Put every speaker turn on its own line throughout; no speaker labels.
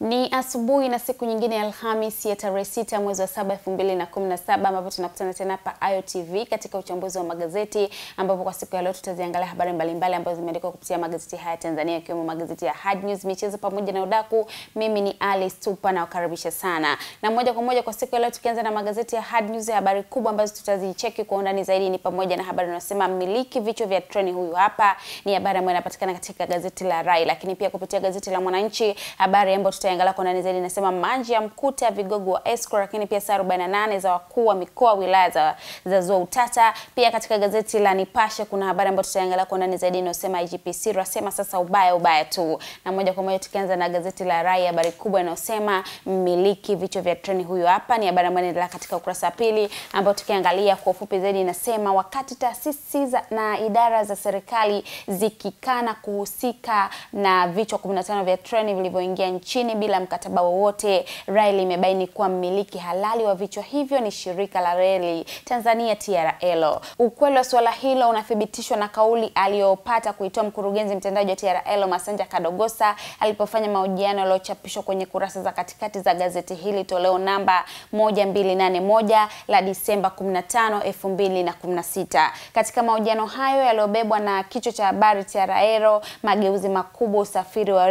Ni asubuhi na siku nyingine ya Alhamisi ya tarehe sita mwezi wa saba elfu mbili na kumi na saba ambapo tunakutana tena hapa Ayo katika uchambuzi wa magazeti, ambapo kwa siku ya leo tutaziangalia habari mbalimbali ambazo zimeandikwa kupitia magazeti haya Tanzania, ikiwemo magazeti ya Hard News, michezo pamoja na udaku. Mimi ni Alice Tupa na wakaribisha sana na moja kwa moja kwa siku ya leo, tukianza na magazeti ya Hard News, ya habari kubwa ambazo tutazicheki kwa undani zaidi ni pamoja na habari inasema mmiliki vichwa vya treni huyu hapa, ni habari ambayo inapatikana katika gazeti la Rai, lakini pia kupitia gazeti la Mwananchi habari ambayo Robert Tayangala kwa ndani zaidi Nasema manji ya mkuta ya vigogo wa escrow, lakini pia saa 48 za wakuu wa mikoa wilaya za, za zua utata. Pia katika gazeti la Nipashe kuna habari ambayo tutaangalia kwa ndani zaidi inayosema IGPC asema sasa ubaya ubaya tu, na moja kwa moja tukianza na gazeti la Rai, habari kubwa inayosema mmiliki vichwa vya treni huyo hapa, ni habari ambayo inaendelea katika ukurasa wa pili, ambayo tukiangalia kwa ufupi zaidi inasema wakati taasisi na idara za serikali zikikana kuhusika na vichwa 15 vya treni vilivyoingia nchini nchini bila mkataba wowote. rail imebaini kuwa mmiliki halali wa vichwa hivyo ni shirika la reli Tanzania TRL. Ukweli wa suala hilo unathibitishwa na kauli aliyopata kuitoa mkurugenzi mtendaji wa TRL Masanja Kadogosa alipofanya mahojiano yaliyochapishwa kwenye kurasa za katikati za gazeti hili toleo namba 1281 la Disemba 15, 2016. Katika mahojiano hayo yaliyobebwa na kichwa cha habari TRL mageuzi makubwa usafiri wa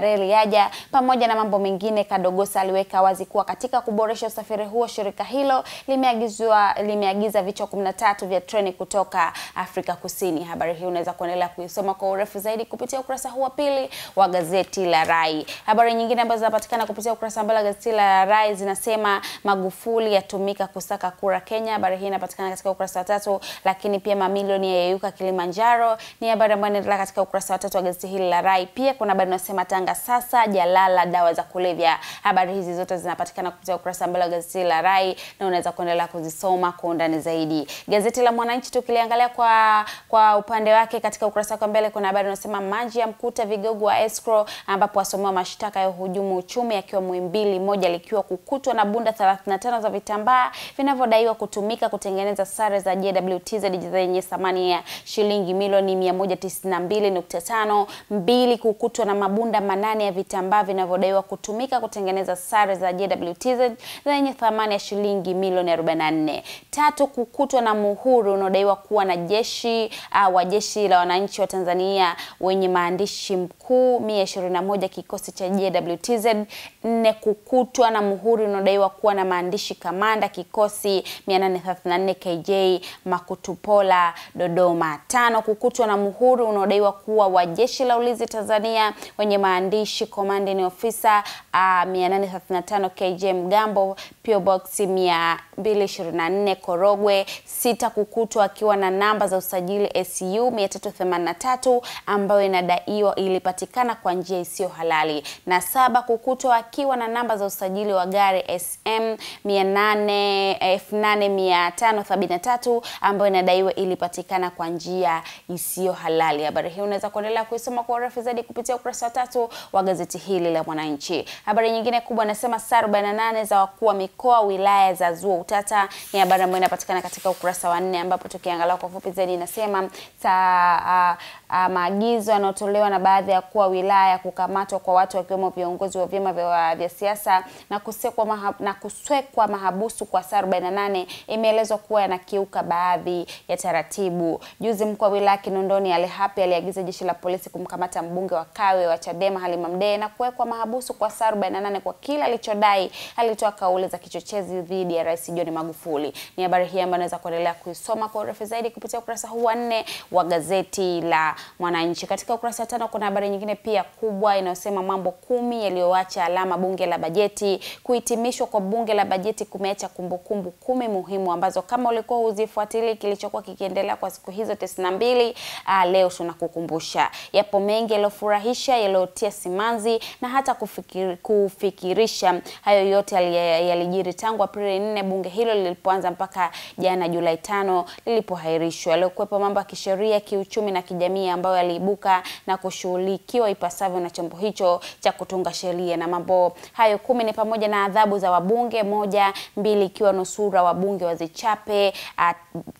reli yaja, pamoja na mambo mengine, Kadogosa aliweka wazi kuwa katika kuboresha usafiri huo, shirika hilo limeagizwa limeagiza vichwa 13 vya treni kutoka Afrika Kusini. Habari hii unaweza kuendelea kuisoma kwa urefu zaidi kupitia ukurasa huu wa pili wa gazeti la Rai. Habari nyingine ambazo zinapatikana kupitia ukurasa mbele wa gazeti la Rai zinasema Magufuli yatumika kusaka kura Kenya. Habari hii inapatikana katika ukurasa wa tatu, lakini pia mamilioni yayeyuka Kilimanjaro ni habari ambayo inaendelea katika ukurasa wa tatu wa gazeti hili la Rai. Pia kuna habari inasema Tanga sasa jala kulala, dawa za kulevya. Habari hizi zote zinapatikana kupitia ukurasa mbele wa gazeti la Rai na unaweza kuendelea kuzisoma kwa undani zaidi. Gazeti la Mwananchi tukiliangalia kwa kwa upande wake, katika ukurasa wake mbele kuna habari inasema maji ya mkuta vigogo wa escrow, ambapo wasomewa mashtaka ya uhujumu uchumi akiwa Muhimbili, moja likiwa kukutwa na bunda 35 za vitambaa vinavyodaiwa kutumika kutengeneza sare za JWTZ zenye thamani ya shilingi milioni 192.5, mbili kukutwa na mabunda manane ya vitambaa vifaa vinavyodaiwa kutumika kutengeneza sare za JWTZ zenye thamani ya shilingi milioni 44. Tatu, kukutwa na muhuri unaodaiwa kuwa na jeshi uh, wa jeshi la wananchi wa Tanzania wenye maandishi mkuu 121 kikosi cha JWTZ. Nne, kukutwa na muhuri unaodaiwa kuwa na maandishi kamanda kikosi 834 KJ Makutupola Dodoma. Tano, kukutwa na muhuri unaodaiwa kuwa wa jeshi la ulinzi Tanzania wenye maandishi command ni ofisa uh, 835 KJ Mgambo PO Box 224 Korogwe, sita kukutwa akiwa na namba za usajili SU 383 ambayo inadaiwa ilipatikana kwa njia isiyo halali, na saba kukutwa akiwa na namba za usajili wa gari SM 8573 eh, ambayo inadaiwa ilipatikana kwa njia isiyo halali. Habari hii unaweza kuendelea kuisoma kwa urefu zaidi kupitia ukurasa wa tatu wa gazeti hili hili la Mwananchi. Habari nyingine kubwa nasema saa 48 za wakuu wa mikoa wilaya za zua utata, ni habari ambayo inapatikana katika ukurasa wa nne, ambapo tukiangalia kwa fupi zaidi inasema maagizo yanayotolewa na baadhi ya kuwa wilaya kukamatwa kwa watu wakiwemo viongozi wa vyama vya, vya siasa na kusekwa maha, na kuswekwa mahabusu kwa saa 48 imeelezwa kuwa yanakiuka baadhi ya taratibu. Juzi mkuu wa wilaya Kinondoni Ally Hapi aliagiza jeshi la polisi kumkamata mbunge wa Kawe wa Chadema Halima Mdee na kuwe kuwekwa mahabusu kwa saa 48 kwa kila alichodai alitoa kauli za kichochezi dhidi ya Rais John Magufuli. Ni habari hii ambayo naweza kuendelea kuisoma kwa urefu zaidi kupitia ukurasa huu wa nne wa gazeti la Mwananchi. Katika ukurasa tano kuna habari nyingine pia kubwa inayosema mambo kumi yaliyoacha alama bunge la bajeti. Kuhitimishwa kwa bunge la bajeti kumeacha kumbukumbu kumi muhimu ambazo kama ulikuwa huzifuatili kilichokuwa kikiendelea kwa siku hizo 92 na ah, leo tunakukumbusha. Yapo mengi yaliyofurahisha, yaliyotia simanzi na hata kufikir, kufikirisha. Hayo yote yalijiri tangu Aprili 4 bunge hilo lilipoanza mpaka jana Julai 5 lilipohairishwa. Yaliokuwepo mambo ya kisheria, kiuchumi na kijamii ambayo yaliibuka na kushughulikiwa ipasavyo na chombo hicho cha kutunga sheria, na mambo hayo kumi ni pamoja na adhabu za wabunge moja, mbili ikiwa nusura wabunge wazichape,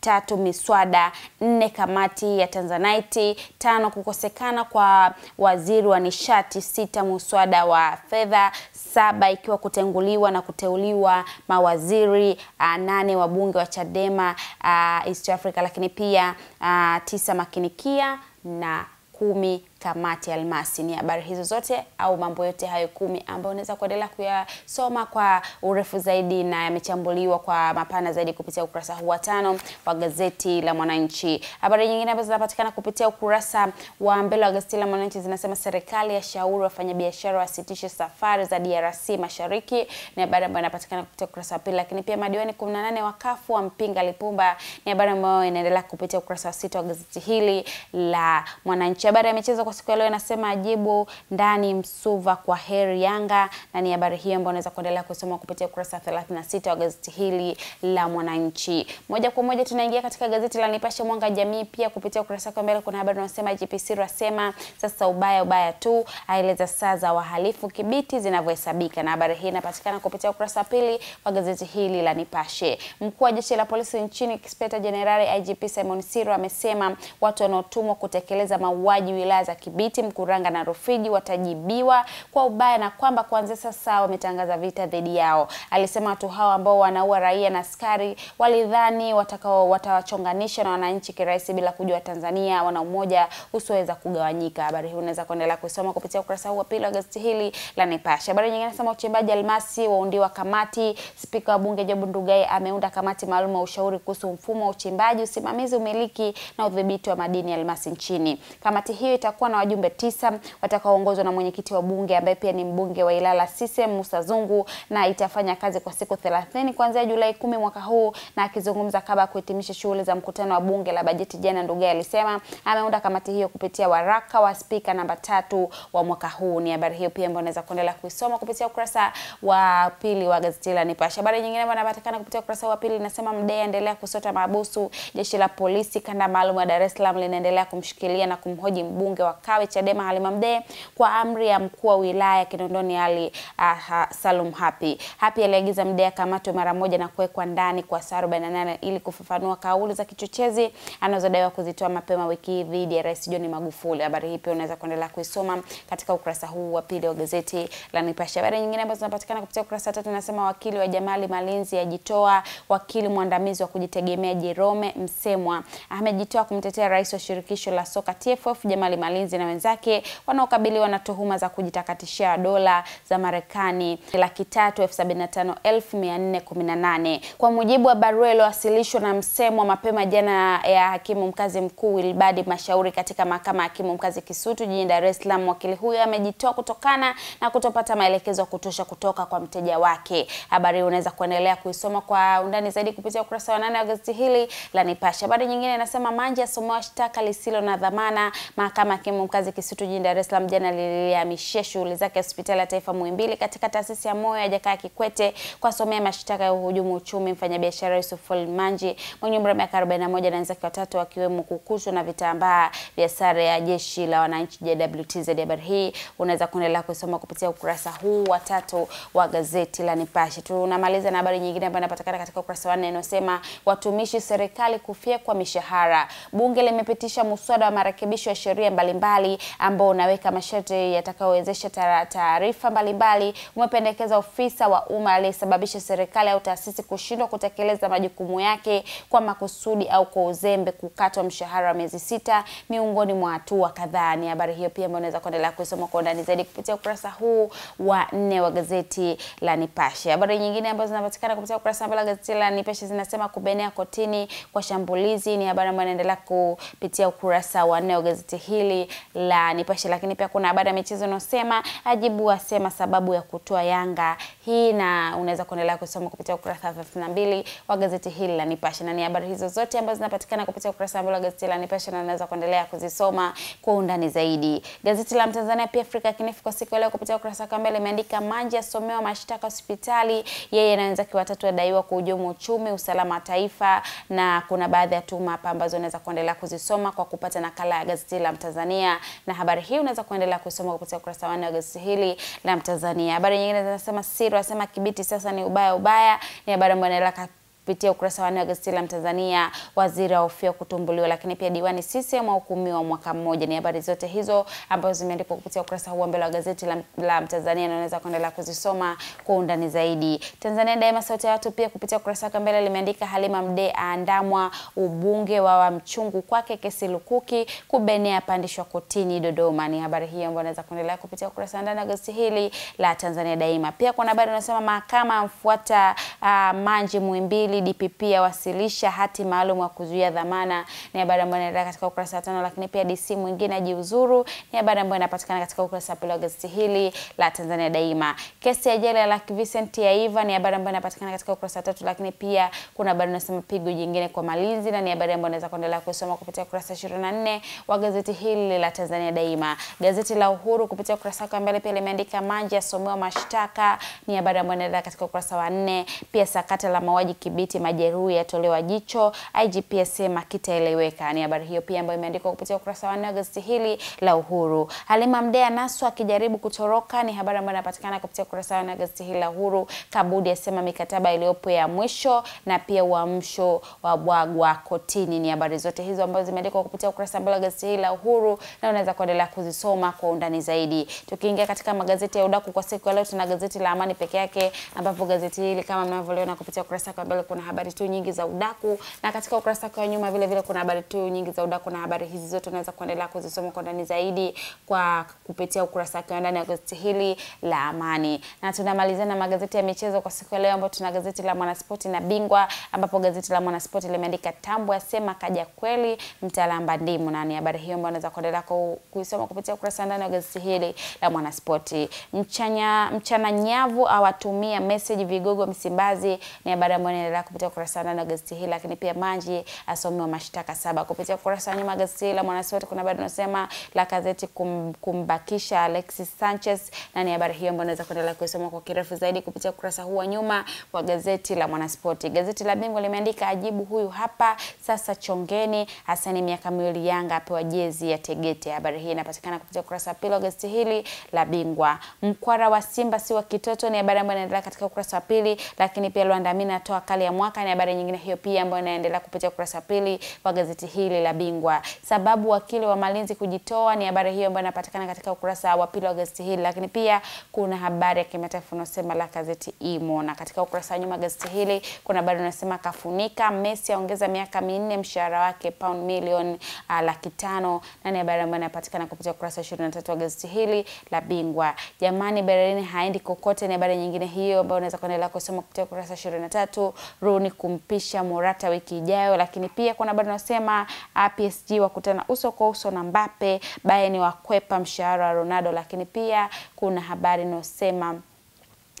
tatu miswada, nne kamati ya Tanzanite, tano kukosekana kwa waziri wa nishati, sita mswada wa fedha saba ikiwa kutenguliwa na kuteuliwa mawaziri uh, nane wabunge wa Chadema uh, East Africa, lakini pia uh, tisa makinikia na kumi Kamati Almasi. Ni habari hizo zote au mambo yote hayo kumi ambayo unaweza kuendelea kuyasoma kwa urefu zaidi na yamechambuliwa kwa mapana zaidi kupitia ukurasa huu wa tano wa gazeti la Mwananchi. Habari nyingine ambazo zinapatikana kupitia ukurasa wa mbele wa gazeti la Mwananchi zinasema serikali ya shauri wafanyabiashara wasitishe safari za DRC Mashariki, ni habari ambayo inapatikana kupitia ukurasa wa pili. Lakini pia madiwani 18 wakafu wa mpinga Lipumba, ni habari ambayo inaendelea kupitia ukurasa wa sita wa gazeti hili la Mwananchi. Habari ya michezo kwa siku ya leo inasema ajibu ndani Msuva kwa heri Yanga, na ni habari hiyo ambayo unaweza kuendelea kusoma kupitia ukurasa 36 wa gazeti hili la Mwananchi. Moja kwa moja tunaingia katika gazeti la Nipashe Mwanga Jamii, pia kupitia ukurasa wa mbele kuna habari unasema GPC rasema sasa ubaya ubaya tu, aeleza saa za wahalifu Kibiti zinavyohesabika, na habari hii inapatikana kupitia ukurasa pili wa gazeti hili la Nipashe. Mkuu wa jeshi la polisi nchini Inspekta Jenerali IGP Simon Siro amesema watu wanaotumwa kutekeleza mauaji wilaya za Kibiti, Mkuranga na Rufiji watajibiwa kwa ubaya na kwamba kuanzia sasa wametangaza vita dhidi yao. Alisema watu hao ambao wanaua raia na askari walidhani watakao watawachonganisha na wananchi kirahisi bila kujua Tanzania wana umoja usioweza kugawanyika. Habari hii unaweza kuendelea kusoma kupitia ukurasa huu wa pili wa gazeti hili la Nipashe. Habari nyingine nasema uchimbaji almasi waundiwa kamati. Spika wa bunge Job Ndugai ameunda kamati maalum ya ushauri kuhusu mfumo wa uchimbaji, usimamizi, umiliki na udhibiti wa madini ya almasi nchini. Kamati hiyo itakuwa kutakuwa na wajumbe tisa watakaoongozwa na mwenyekiti wa bunge ambaye pia ni mbunge wa Ilala CCM Musa Zungu, na itafanya kazi kwa siku 30 kuanzia Julai kumi mwaka huu. Na akizungumza kabla ya kuhitimisha shughuli za mkutano wa bunge la bajeti jana, Ndugai alisema ameunda kamati hiyo kupitia waraka wa spika namba tatu wa mwaka huu. Ni habari hiyo pia ambayo unaweza kuendelea kuisoma kupitia ukurasa wa pili wa gazeti la Nipashe. Habari nyingine ambayo inapatikana kupitia ukurasa wa pili inasema Mdee aendelea kusota mahabusu. Jeshi la polisi kanda maalum ya Dar es Salaam linaendelea kumshikilia na kumhoji mbunge wa Kawe Chadema Halima Mdee kwa amri ya mkuu wa wilaya Kinondoni Ali uh, Salum Hapi. Hapi aliagiza Mdee akamatwe mara moja na kuwekwa ndani kwa saa 48 ili kufafanua kauli za kichochezi anazodaiwa kuzitoa mapema wiki hii dhidi ya Rais John Magufuli. Habari hii pia unaweza kuendelea kuisoma katika ukurasa huu wa pili wa gazeti la Nipashe. Habari nyingine ambazo zinapatikana kupitia ukurasa tatu nasema wakili wa Jamali Malinzi ajitoa, wakili mwandamizi wa kujitegemea Jerome Msemwa amejitoa kumtetea rais wa shirikisho la soka TFF Jamali Malinzi Mlinzi na wenzake wanaokabiliwa na tuhuma za kujitakatishia dola za Marekani laki tatu elfu sabini na tano elfu mia nne kumi na nane kwa mujibu wa barua iliyowasilishwa na msemwa mapema jana ya hakimu mkazi mkuu Wilbard Mashauri katika mahakama ya hakimu mkazi Kisutu jijini Dar es Salaam. Wakili huyo amejitoa kutokana na kutopata maelekezo ya kutosha kutoka kwa mteja wake. Habari unaweza kuendelea kuisoma kwa undani zaidi kupitia ukurasa wa nane wa gazeti hili la Nipashe. Habari nyingine inasema Manje asomewa shtaka lisilo na dhamana mahakama hakimu Mwalimu mkazi Kisutu jijini Dar es Salaam jana lilihamishia shughuli zake hospitali ya taifa Muhimbili katika taasisi ya moyo ya Jakaya Kikwete kuwasomea mashtaka ya uhujumu uchumi mfanyabiashara Yusuf Manji mwenye umri wa miaka 41 na wenzake watatu wakiwemo kukutwa na vitambaa vya sare ya jeshi la wananchi JWTZ. Habari hii unaweza kuendelea kusoma kupitia ukurasa huu wa tatu wa gazeti la Nipashe. Tunamaliza na habari nyingine ambayo inapatikana katika ukurasa wa nne inayosema watumishi serikali kufyekwa mishahara. Bunge limepitisha muswada wa marekebisho ya sheria mbalimbali mbalimbali ambao unaweka masharti yatakayowezesha taarifa mbalimbali, umependekeza ofisa wa umma aliyesababisha serikali au taasisi kushindwa kutekeleza majukumu yake kwa makusudi au kwa uzembe kukatwa mshahara wa miezi sita, miongoni mwa hatua kadhaa. Ni habari hiyo pia ambayo unaweza kuendelea kusoma kwa undani zaidi kupitia ukurasa huu wa nne wa gazeti la Nipashe. Habari nyingine ambazo zinapatikana kupitia ukurasa wa gazeti la Nipashe zinasema kubenea kotini kwa shambulizi, ni habari ambayo inaendelea kupitia ukurasa wa nne wa gazeti hili la Nipashe, lakini pia kuna habari ya michezo inayosema ajibu asema sababu ya kutoa Yanga hii, na unaweza kuendelea kusoma kupitia ukurasa wa 32 wa gazeti hili la Nipashe, na ni habari hizo zote ambazo zinapatikana kupitia ukurasa wa gazeti la Nipashe, na unaweza kuendelea kuzisoma kwa undani zaidi. Gazeti la Mtanzania pia Afrika Kinifu kwa siku leo kupitia ukurasa wa mbele imeandika Manje asomewa mashtaka hospitali, yeye na wenzake watatu wadaiwa kuhujumu uchumi, usalama wa taifa, na kuna baadhi ya tuma hapa ambazo unaweza kuendelea kuzisoma kwa kupata nakala ya gazeti la Mtanzania Tanzania, na habari hii unaweza kuendelea kusoma kupitia ukurasa wa gazeti hili la Mtanzania. Habari nyingine zinasema Siro asema Kibiti sasa ni ubaya ubaya, ni habari ambayo inaendelea Kupitia ukurasa wa gazeti la Mtanzania, waziri ahofia kutumbuliwa, lakini pia diwani CCM ahukumiwa mwaka mmoja. Ni habari zote hizo ambazo zimeandikwa kupitia ukurasa huu mbele wa gazeti la, la Mtanzania, na unaweza kuendelea kuzisoma kwa undani zaidi. Tanzania Daima, sauti ya watu, pia kupitia ukurasa wake mbele limeandika Halima Mdee aandamwa ubunge wa wamchungu kwake, kesi lukuki kubenea pandishwa kotini Dodoma. Ni habari hiyo ambayo unaweza kuendelea kupitia ukurasa wa ndani wa gazeti hili la Tanzania Daima. Pia kuna habari unasema mahakama amfuata uh, ah, Manji Muimbili Jumapili DPP awasilisha hati maalum ya kuzuia dhamana, ni habari ambayo inaendelea katika ukurasa wa tano. Lakini pia DC mwingine ajiuzuru, ni habari ambayo inapatikana katika ukurasa wa pili wa gazeti hili la Tanzania Daima. Kesi ya jela ya Lucky Vincent Iva ni habari ambayo inapatikana katika ukurasa wa tatu. Lakini pia kuna habari inasema pigo jingine kwa Malinzi, na ni habari ambayo unaweza kuendelea kusoma kupitia ukurasa 24 wa gazeti hili la Tanzania Daima. Gazeti la Uhuru kupitia ukurasa wake mbele pia limeandika Manji asomewa mashtaka, ni habari ambayo inaendelea katika ukurasa wa nne. Pia sakata la mauaji Kibiti kudhibiti majeruhi yatolewa jicho, IGP asema kitaeleweka. Ni habari hiyo pia ambayo imeandikwa kupitia ukurasa wa nne gazeti hili la Uhuru. Halima Mdee naswa akijaribu kutoroka, ni habari ambayo inapatikana kupitia ukurasa wa nne gazeti hili la Uhuru. Kabudi asema mikataba iliyopo ya mwisho na pia uamsho wa bwagwa kotini. Ni habari zote hizo ambazo zimeandikwa kupitia ukurasa mbele wa gazeti hili la Uhuru, na unaweza kuendelea kuzisoma kwa undani zaidi. Tukiingia katika magazeti ya udaku kwa siku ya leo, tuna gazeti la Amani peke yake, ambapo gazeti hili kama mnavyoliona kupitia ukurasa wa mbele kuna kuna habari tu nyingi za udaku, na katika ukurasa wake wa nyuma vile vile kuna habari tu nyingi za udaku, na habari hizi zote unaweza kuendelea kuzisoma kwa ndani zaidi kwa kupitia ukurasa wake wa ndani ya gazeti hili la Amani. Na tunamalizia na magazeti ya michezo kwa siku ya leo, ambapo tuna gazeti la Mwanaspoti na Bingwa, ambapo gazeti la Mwanaspoti limeandika Tambo asema kaja kweli mtalamba ndimu, na ni habari hiyo ambayo unaweza kuendelea kuisoma kupitia ukurasa ndani wa gazeti hili la Mwanaspoti. Mchanya, mchana nyavu awatumia message vigogo Msimbazi, ni habari ambayo Mandela kupitia ukurasa wa ndani wa gazeti hili, lakini pia Manji asomewa mashtaka saba kupitia ukurasa wa nyuma gazeti hili la Mwanaspoti. Kuna bado unasema la gazeti kum, kumbakisha Alexis Sanchez, na ni habari hiyo ambayo unaweza kuendelea kusoma kwa kirefu zaidi kupitia ukurasa huu wa nyuma wa gazeti la Mwanaspoti. Gazeti la Bingwa limeandika ajibu huyu hapa sasa, chongeni Hasani miaka miwili Yanga apewa jezi ya Tegete. Habari hii inapatikana kupitia ukurasa wa pili wa gazeti hili la Bingwa. Mkwara wa Simba si wa kitoto, ni habari ambayo inaendelea katika ukurasa wa pili, lakini pia Luanda Mina atoa kali ya mwaka na habari nyingine hiyo pia ambayo inaendelea kupitia ukurasa pili wa gazeti hili la Bingwa. Sababu wakili wa Malinzi kujitoa ni habari hiyo ambayo inapatikana katika ukurasa wa pili wa gazeti hili, lakini pia kuna habari ya kimataifa unaosema la gazeti Imo, na katika ukurasa wa nyuma gazeti hili kuna habari unasema kafunika, Messi aongeza miaka minne mshahara wake pound milioni ah, laki tano na ni habari ambayo inapatikana kupitia ukurasa wa 23 wa gazeti hili la Bingwa. Jamani, Berlin haendi kokote, ni habari nyingine hiyo ambayo unaweza kuendelea kusoma kupitia ukurasa 23 Rooney kumpisha Morata wiki ijayo. Lakini pia kuna habari nasema ah, PSG wakutana uso kwa uso na Mbappe, Bayern wakwepa mshahara wa Ronaldo. Lakini pia kuna habari inayosema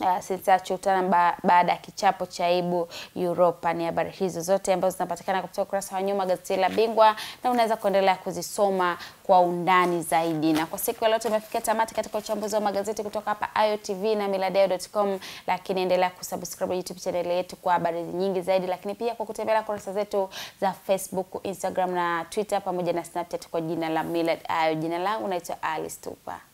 uh, ah, utana ba, baada ya kichapo cha aibu Europa. Ni habari hizo zote ambazo zinapatikana kupitia ukurasa wa nyuma gazeti la Bingwa, na unaweza kuendelea kuzisoma kwa undani zaidi. Na kwa siku ya leo tumefikia tamati katika uchambuzi wa magazeti kutoka hapa iotv na millardayo.com, lakini endelea kusubscribe YouTube channel yetu kwa habari nyingi zaidi, lakini pia kwa kutembelea kurasa zetu za Facebook, Instagram na Twitter pamoja na Snapchat kwa jina la Millard Ayo. Jina langu naitwa Alice Tupa.